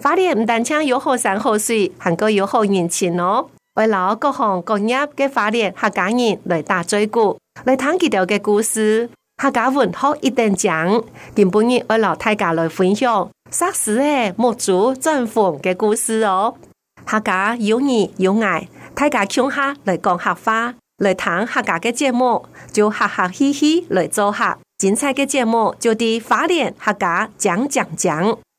花蓮唔但將有好山好水還過有好人情哦！為了各行各業的花蓮客家人嚟打嘴鼓，來談及到的故事，客家文化一定講。第二日為了大家來分享，殺死誒木主政府的故事哦。客家有你有愛，大家搶下來講客家來談客家的節目，就哈哈氣氣來做客；精彩嘅節目就地講講講講，就喺花蓮客家講講講。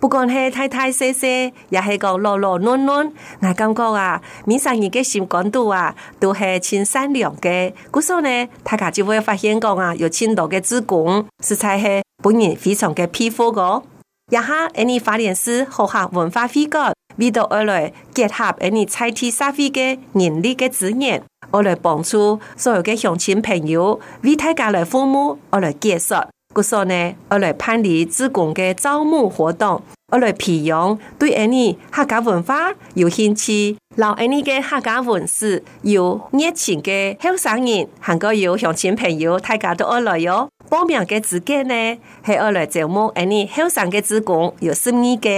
不管是太太、細 細，也是個老老嫩嫩，我感覺啊，每一個人個心肝肚啊，都是真善良的。故受呢，大家就會發現講啊，有千多的子宮，實在是本人非常的佩服個。以下喺你花蓮好客文化會館為了我來結合喺你在地社會的人力的資源，我來幫助所有的鄉親朋友，為大家來服務，我來介紹。嗰說呢，我嚟辦理職工嘅招募活動，我嚟聘用對呢客家文化有興趣，留呢個客家文事有熱情的後生人，行過要鄉親朋友大，大家都愛來喲。報名嘅資格呢，係我嚟招募，呢後生嘅職工有十二個，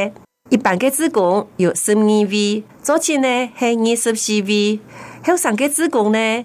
一般嘅職工有十二 V，早期呢係二十 PV，後生嘅職工呢？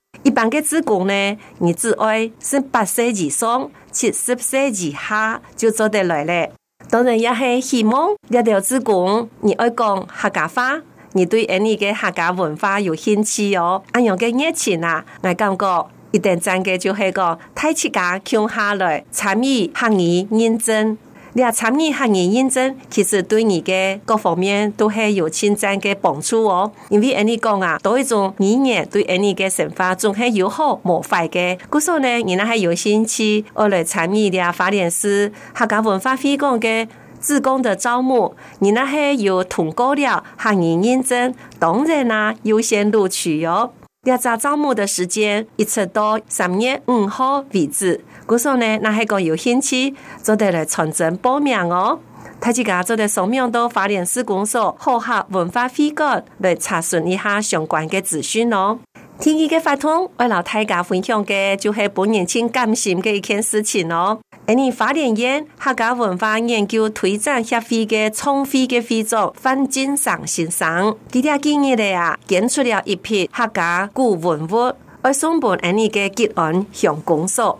一般嘅志工呢，你自愛是十八歲以上，七十歲以下就做得來咧。當然也係希望一到志工，你愛講客家話，你對呢啲嘅客家文化有興趣哦。咁樣嘅熱情啊，我感覺一定真嘅就係個大家共下來，參與、參與、認證。你參與語言認證，其實對你的各方面都係有潛在嘅幫助哦。因為你講啊，多一種語言對你嘅想法仲係有好冇壞嘅。故所呢，你那係有興趣我嚟參與啲啊花蓮市、客家文化會館嘅志工的招募，你那係有通過了語言認證，當然啦、啊、優先錄取喲、哦。呢個招募的時間一直到三月五號為止。我說那係有興趣，做啲嚟傳真報名哦。大家做啲掃描到花蓮市公所客家文化會館嚟查詢一下相關的資訊哦。今日嘅法通為老大家分享的就是本年青感心的一件事情哦。而你花蓮縣客家文化研究推展協會的創會的會長范金山先生，佢哋今的啊檢出了一批客家古文物，為送本而你嘅吉安鄉公所。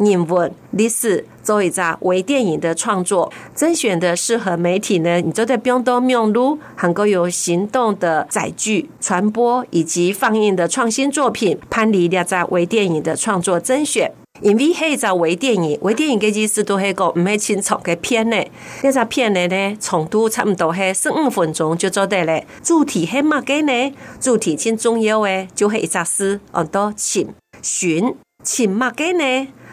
人文歷史作為一雜微電影的創作，甄選的適合媒體呢？你做在屏東苗栗，還有行動的載具傳播以及放映的創新作品，潘離一雜微電影的創作甄選。因為迄一雜微電影，微電影的意思都係個唔係很長嘅片，那片呢，一雜片呢呢長度差唔多係十五分鐘就做得了。主題係乜嘅呢？主題真重要誒，就係一雜詩，我多請尋，請乜嘅呢？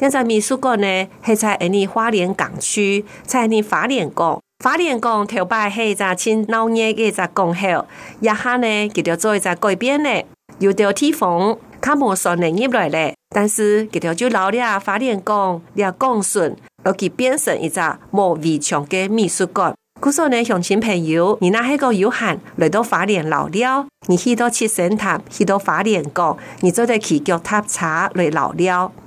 一隻美術館呢，係在二年花蓮港區，在二年花蓮港，花蓮港頭擺係一隻請老年嘅一隻港口，一下呢，幾條做一隻改變呢，有條地方，看莫上嚟入來咧。但是幾條就老了法，花蓮港要工順，而去變成一隻莫圍牆嘅美術館。故說呢，相親朋友，你那係個有限，來到花蓮老了，你去到七星潭，去到花蓮港，你做得起腳踏車來老了。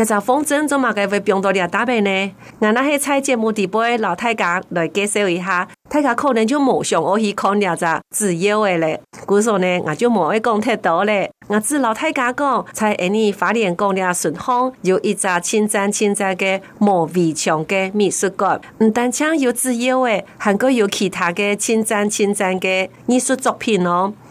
一隻風箏做嘛會變多兩隻大白呢？俺那些猜節目底的老太太來介紹一下，大家可能就冇想我去看兩隻自由的嘞。故說呢，我就冇會講太多嘞。我知老太太講，在你花蓮縣嘅壽豐有一隻清讚清讚的無圍牆的美術館，唔但像有自由的，還個有其他嘅清真清真嘅藝術作品哦。